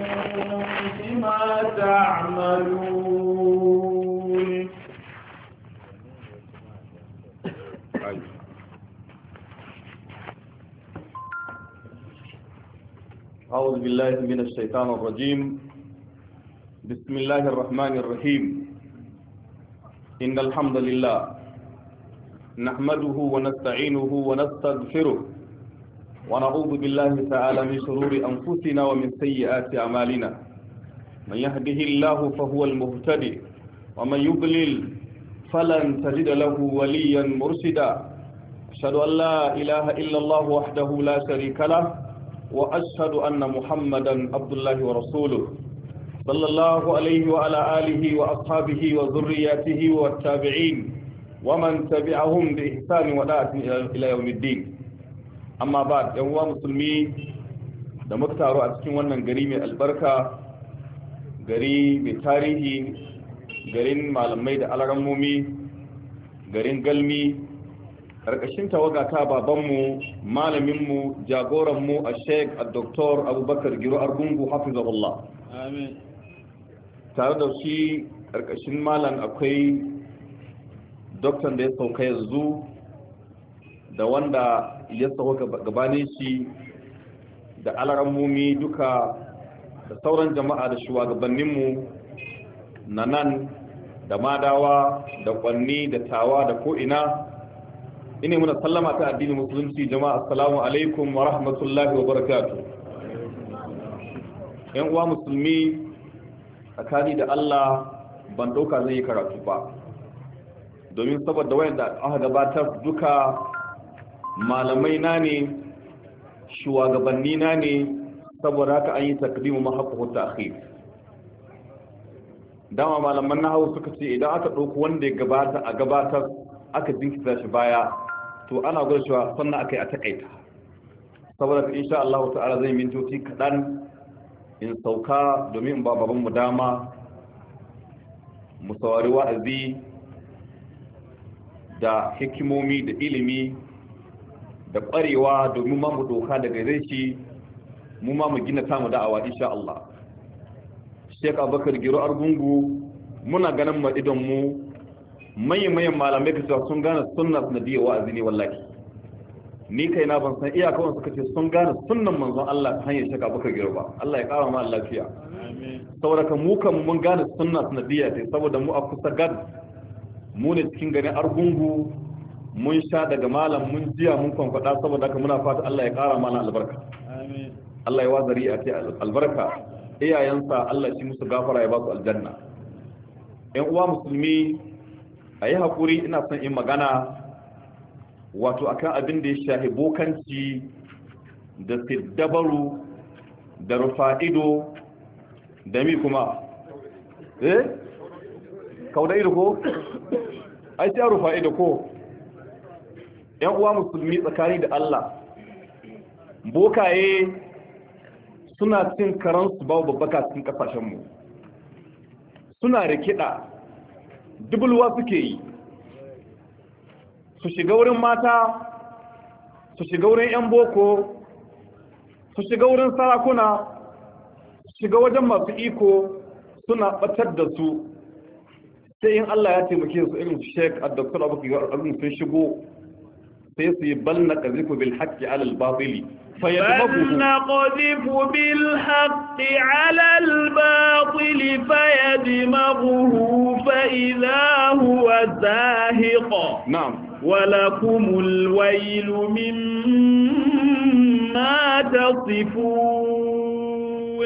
بما تعملون طيب. أعوذ بالله من الشيطان الرجيم بسم الله الرحمن الرحيم إن الحمد لله نحمده ونستعينه ونستغفره ونعوذ بالله تعالى من شرور أنفسنا ومن سيئات أعمالنا من يهده الله فهو المهتدي ومن يضلل فلن تجد له وليا مرشدا أشهد أن لا إله إلا الله وحده لا شريك له وأشهد أن محمدا عبد الله ورسوله صلى الله عليه وعلى آله وأصحابه وذرياته والتابعين ومن تبعهم بإحسان وداعة إلى يوم الدين amma ba yan uwa musulmi da muka taru a cikin wannan gari mai albarka gari mai tarihi garin malamai da alarammomi garin galmi ƙarƙashin tawaga ta babanmu malaminmu jagoranmu a sheik a doktor abubakar giro argungu hafizahullah tare da shi ƙarƙashin malam akwai doktan da ya sauka yanzu da wanda ya saho gabanin shi da alarammomi duka da sauran jama'a da shugabanninmu na nan da madawa da kwanni da tawa da ko'ina ina muna sallama ta addinin musulunci jama'a assalamu alaikum wa rahmatullahi wa barakatu yan uwa musulmi tsakani da allah ban ɗauka zai yi karatu ba domin saboda wayan da aka gabatar duka malamai na ne shugabanni na ne saboda haka an yi takdimu mahaqqu Da dama malaman nahawu suka ce idan aka ɗauko wanda ya gabata a gabatar aka jinkita shi baya to ana gwada cewa sannan akai a takaita saboda insha Allah ta'ala zai mintoci kaɗan in sauka domin ba mu dama mu saurari wa'azi da hikimomi da ilimi da ƙwarewa domin ma mu doka da gare shi mu ma mu gina samu da'awa insha Allah Sheikh Abubakar Giro Argungu muna ganin ma idan mu manyan malamai kace sun gane sunnar Nabi wa azini wallahi ni kai na ban san iyaka wannan suka ce sun gane sunnan manzon Allah ta hanyar Sheikh Abubakar Giro ba Allah ya kara ma lafiya amin saboda ka mu kan mun gane sunnar Nabi sai saboda mu a kusa gad mu ne cikin gane Argungu mun sha daga malam mun jiya mun kwankwada saboda haka muna fata Allah ya kara mana albarka Allah ya wazari a ce albarka iyayensa Allah shi musu gafara ya ba su aljanna yan uwa musulmi a yi haƙuri ina son in magana wato akan abin da ya shahi bokanci da siddabaru da rufa'ido da mi kuma eh kauda ido ko ai sai rufa'ido ko yan uwa musulmi tsakani da Allah bokaye suna cin karansu babu babbaka cikin kasashenmu suna rikida dubulwa suke yi su shiga wurin mata su shiga wurin 'yan boko su shiga wurin sarakuna su shiga wajen masu iko suna batar da su sai yin Allah ya taimake su irin shek a doktor abokan sun shigo sai su yi bal na kazifu bil haqqi ala al batili فيدمغه نقذف بالحق على الباطل فيدمغه فإذا هو زاهق نعم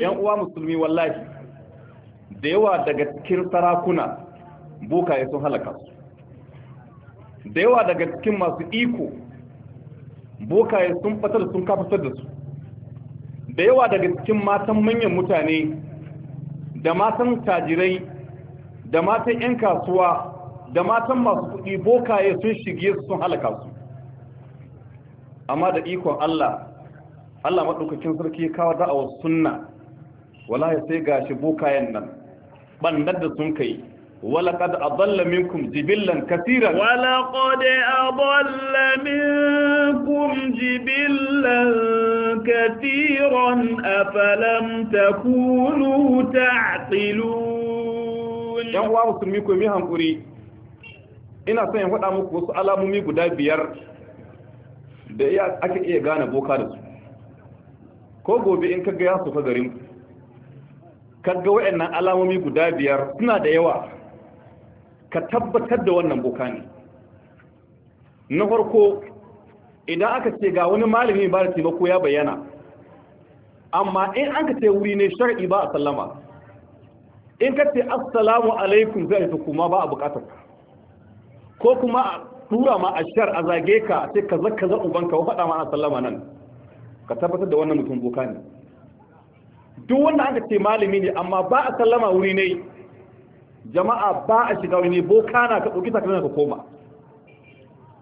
yan uwa musulmi wallahi da yawa daga cikin sarakuna bokaye sun halaka da yawa daga cikin masu iko bokaye sun fatar sun kafasar da su da yawa daga cikin matan manyan mutane da matan tajirai da matan 'yan kasuwa da matan masu kuɗi bokaye sun shige su sun halaka su amma da ikon Allah Allah maɗaukakin sarki ya kawo da'awar sunna wala ya sai gashi bokayen nan ɓannar da sun kai ولقد أضل منكم جبلا كثيرا ولقد أضل منكم جبلا كثيرا أفلم تكونوا تعقلون يا الله وسلميكم ميهم قري ina son in faɗa muku wasu alamomi guda biyar da ya aka iya gane boka da su ko gobe in kaga ya sufa garin kaga waɗannan alamomi guda biyar suna da yawa ka tabbatar da wannan boka ne na farko idan aka ce ga wani malami ba da taimako ya bayyana amma in aka ce wuri ne shar'i ba a sallama in ka ce assalamu alaikum zai haifi kuma ba a bukatar ko kuma a tura ma a shar a zage ka sai ka zaka za ubanka faɗa ma a sallama nan ka tabbatar da wannan mutum boka ne duk wanda aka ce malami ne amma ba a sallama wuri ne jama'a ba a shiga wani boka na ka ɗauki takalmin ka koma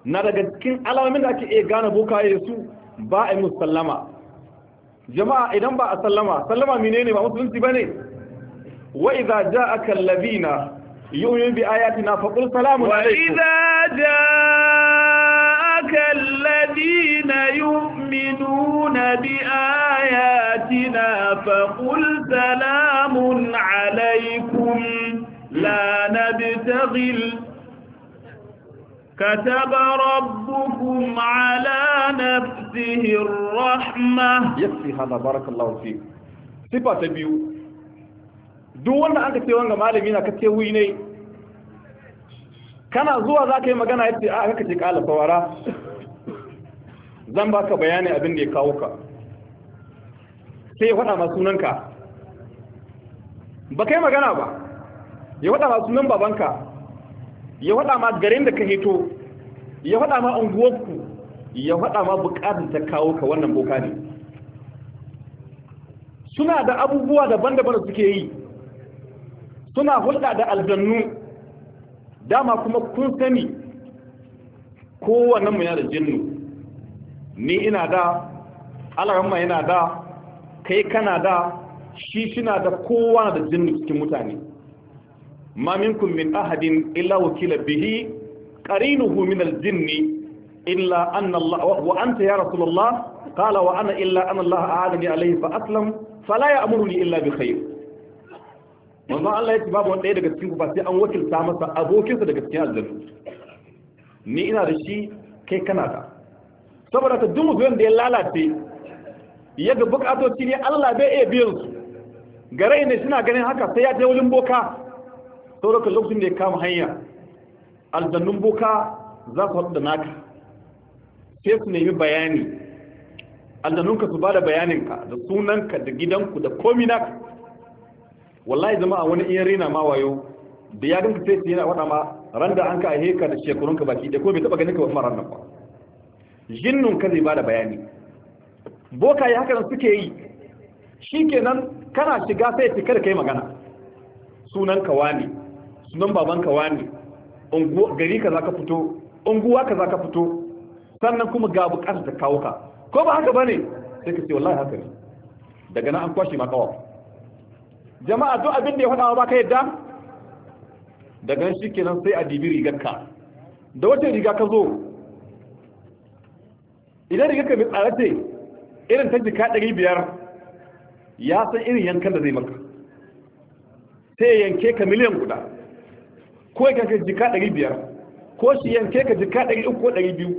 na daga cikin alamomin da ake iya gane boka ya su ba a yi musu sallama jama'a idan ba a sallama sallama menene ba musulunci ba ne wa idza ja'aka allazina yu'minu bi ayatina faqul salamun alaykum wa idza ja'aka allazina yu'minuna bi ayatina faqul salamun alaykum ظل كتب ربكم على نفسه الرحمة يكفي هذا بارك الله فيك سيبا تبيو duk wanda aka ce wanga malami na ka wuyi ne kana zuwa za ka yi magana زنباك بياني aka كاوكا zan baka ya kawo sai ya faɗa masu nanka. ba kai magana ba ya faɗa masu nan babanka ya faɗa ma garin da ka hito ya faɗa ma unguwarku ya faɗa ma buƙatar ta kawo ka wannan boka ne suna da abubuwa daban-daban suke yi suna hulɗa da aljannu dama kuma kun sani kowannenmu yana da jinnu ni ina da alaramma yana da kai kana da shi suna da kowa da jinnu cikin mutane ma minkum min ahadin illa wakila bihi qarinuhu min al-jinn illa anna Allah wa anta ya rasulullah qala wa ana illa anna Allah a'adani alayhi fa aslam fala ya'muruni illa bi khair manzo Allah ya yace babu wanda daga cikin ku ba sai an wakilta masa abokinsa daga cikin aljanna ni ina da shi kai kana da saboda ta duk mutum da ya lalace yadda ga bukatoci ne Allah bai iya biyan su gare ne suna ganin haka sai ya je wurin boka sauraka lokacin da ya kama hanya aljannun boka za su haɗu da naka sai su nemi bayani aljannunka su ba da bayaninka da sunanka da gidanku da komi naka wallahi zama a wani iya rena ma wayo da ya ganka sai su yana waɗa ma ran da an ka a heka da shekarunka baki da kuma bai taɓa ganin ka kuma ran nan ba jinnun ka zai ba da bayani boka ya haka suke yi shi kenan kana shiga sai kada da kai magana sunanka wani sunan babanka wani gari ka za ka fito unguwa ka za ka fito sannan kuma ga bukatar ta kawo ka ko ba haka ba ne? sai ka ce wallahi haka ne daga nan an kwashe ma kawo jama'a duk abin da ya faɗa ba ka yadda daga nan shikenan sai a dibi rigarka da wata riga ka zo idan rigar ka mai tsare ce irin ta jika ɗari biyar ya san irin yankan da zai maka sai yanke ka miliyan guda ko ka ga jika ɗari biyar ko shi yanke ka jika ɗari uku ko ɗari biyu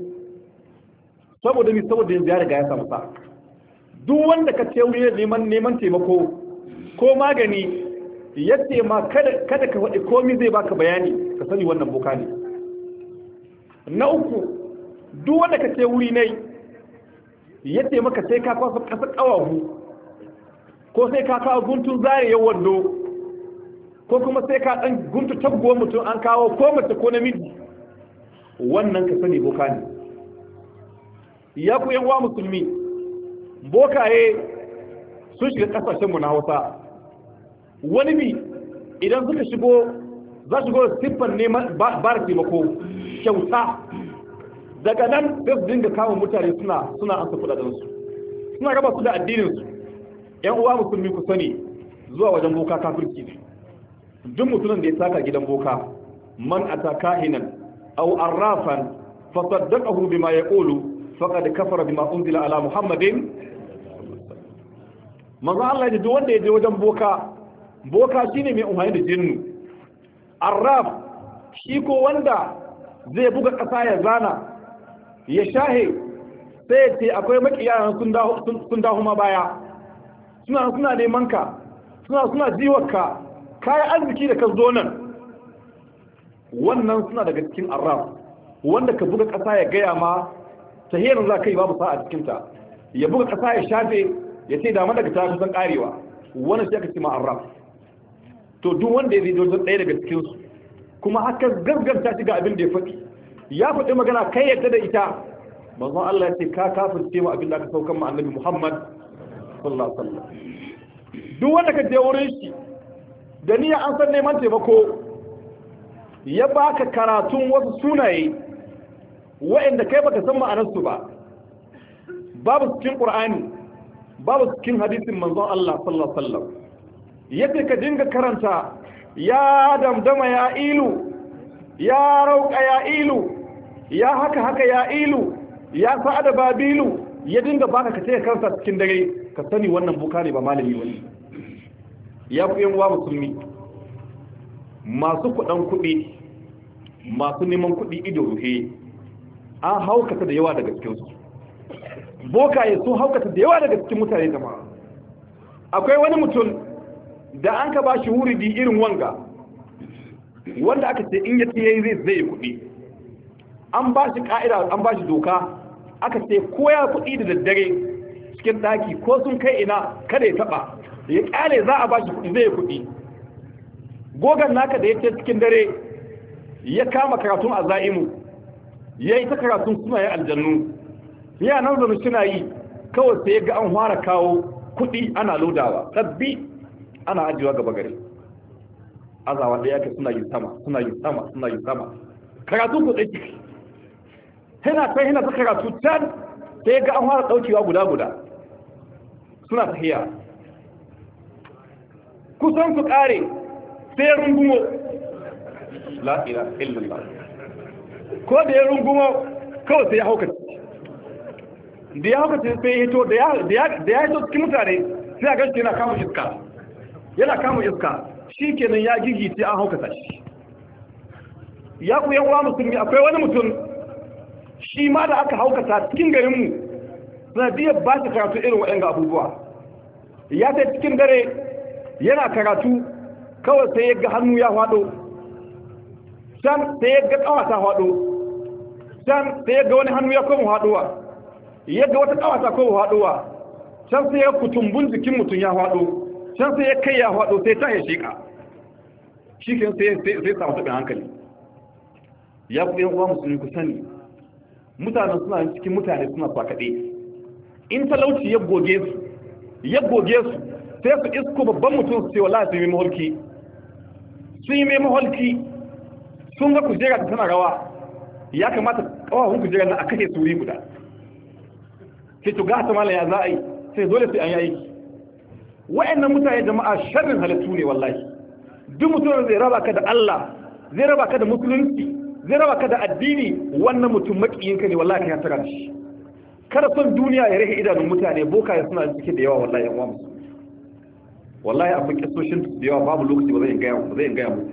saboda ni saboda yanzu ya riga ya samu sa duk wanda ka ce wuri neman neman taimako ko magani ya ce ma kada ka faɗi komi zai baka bayani ka sani wannan boka ne na uku duk wanda ka ce wuri nai ya ce maka sai ka kwasa ƙasa ƙawahu ko sai ka kawo guntun zariyar wando ko kuma sai ka ɗan guntu tabbuwar mutum an kawo ko mace ko namiji wannan ka sani boka ne ya ku yan wa musulmi bokaye sun shiga mu na hausa wani bi idan suka shigo za shigo da siffar neman ba taimako kyauta daga nan sai su dinga kawo mutane suna suna ansa su suna raba su da addininsu yan uwa musulmi ku sani zuwa wajen boka kafirci ne duk mutumin da ya saka gidan boka man ata kahinan aw arrafan fa saddaqahu bima yaqulu faqad kafara bima unzila ala muhammadin manzo Allah ya duk wanda ya je wajen boka boka shine mai umarni da jinnu arraf shi ko wanda zai buga ƙasa ya zana ya shahe sai ya ce akwai makiyayan sun dahu ma baya suna suna neman ka suna suna jiwarka kayan arziki da ka zo nan wannan suna daga cikin arram wanda ka buga ƙasa ya gaya ma ta hiyar za ka yi babu sa'a cikinta ya buga ƙasa ya shafe ya ce dama daga tafi kusan ƙarewa wani shi aka ce ma arram to duk wanda ya zai wajen ɗaya daga cikinsu kuma haka ta shiga abin da ya faɗi ya faɗi magana kai yadda da ita manzon Allah ya ce ka kafirce mu abin da aka saukan mu annabi Muhammad sallallahu alaihi wasallam duk wanda ka je wurin shi da niyya an san neman taimako ya baka karatun wasu sunaye wa'anda kai baka san ma'anarsu ba babu cikin qur'ani babu cikin hadisin manzon Allah sallallahu alaihi wasallam yake ka dinga karanta ya damdama ya ilu ya rauka ya ilu ya haka haka ya ilu ya sa'ada babilu ya dinga baka ka ce karanta cikin dare ka sani wannan bukari ba malami wani ya fi yan wa musulmi masu kudan kuɗi masu neman kuɗi ido ruhe an haukata da yawa daga cikinsu bokaye sun haukata da yawa daga cikin mutane jama'a akwai wani mutum da an ka ba shi wuridi irin wanga wanda aka ce in ya yayi zai zai kuɗi an ba shi ka'ida an ba shi doka aka ce ko ya kuɗi da daddare cikin ɗaki ko sun kai ina kada ya taɓa da ya kale za a bashi kuɗi zai kuɗi gogan naka da ya ce cikin dare ya kama karatun a za'imu ya yi ta karatun suna ya aljannu ya nan zama suna yi kawai sai ga an fara kawo kuɗi ana lodawa sabbi ana ajiyewa gaba gari azawa ɗaya ka suna yin sama suna yin sama suna yin sama karatun ku tsaki hina ta hina ta karatu can sai ga an fara daukewa guda guda suna tahiya kusan su kare sai rungumo la ilaha illallah ko da ya rungumo kawai sai ya hauka da ya hauka sai ya hito da ya hito cikin mutane sai a shi yana kama iska yana kama iska shi kenan ya sai an hauka shi ya ku yan uwa musulmi akwai wani mutum shi ma da aka haukata cikin garinmu sanadiyar ba shi karatu irin waɗanda abubuwa ya sai cikin dare yana karatu kawai sai ya ga hannu ya faɗo san sai ya ga ƙawa ta faɗo san sai ya ga wani hannu ya koma faɗowa yadda wata kawa ta koma faɗowa san sai ya kutumbun jikin mutum ya faɗo san sai ya kai ya faɗo sai ta ya ka shi kan sai sai samu taɓin hankali ya ku yan uwa musulmi ku sani mutanen suna cikin mutane suna kwakaɗe in talauci ya goge su ya goge su sai su isko babban mutum su ce wa su yi maholki sun yi mai maholki sun ga kujera da tana rawa ya kamata kawahun kujera na a kashe suri guda sai to ga mala ya za a yi sai dole sai an yi aiki wa'annan mutane jama'a sharrin halittu ne wallahi duk mutum zai raba ka da Allah zai raba ka da musulunci zai raba ka da addini wannan mutum makiyinka ne wallahi ka ya tsara shi kada son duniya ya rage idanun mutane boka ya suna cike da yawa wallahi yan uwa wallahi akwai kisoshin da yawa babu lokaci ba zai gaya ba zai gaya mu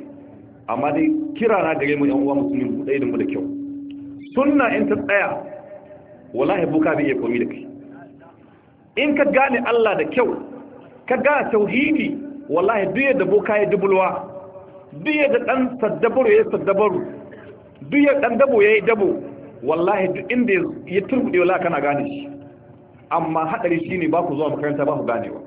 amma dai kira na gare mu yan uwa musulmi mu dai mu da kyau sunna in ta tsaya wallahi buka bai iya komi da kai in ka gane Allah da kyau ka gane tauhidi wallahi duk yadda boka ya dubulwa duk yadda dan saddabaru ya saddabaru duk yadda dan dabo ya yi dabo wallahi duk inda ya turbude wallahi kana gane shi amma hadari shine ba ku zuwa makaranta ba ku ganewa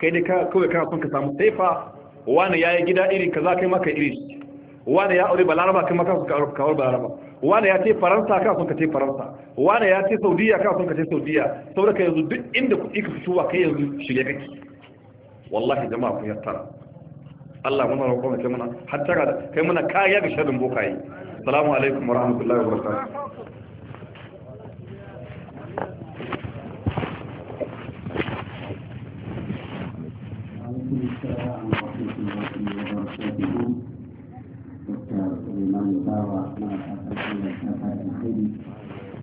kai ne kawai kana son ka samu taifa. wani ya yi gida iri kaza kai maka iri wani ya aure balaraba kai maka suka aure kawar balaraba wani ya ce faransa ka son ka ce faransa wani ya ce saudiya ka son ka ce saudiya saboda ka yanzu duk inda kuɗi ka fitowa kai yanzu shirye kake wallahi jama'a kun yattara Allah muna roƙon ka muna hatta kai muna kariya ga sharrin bokaye assalamu alaikum wa rahmatullahi wa barakatuh السلام ورحمة الله وبركاته دكتور سليمان باوع ما أتمنى الخير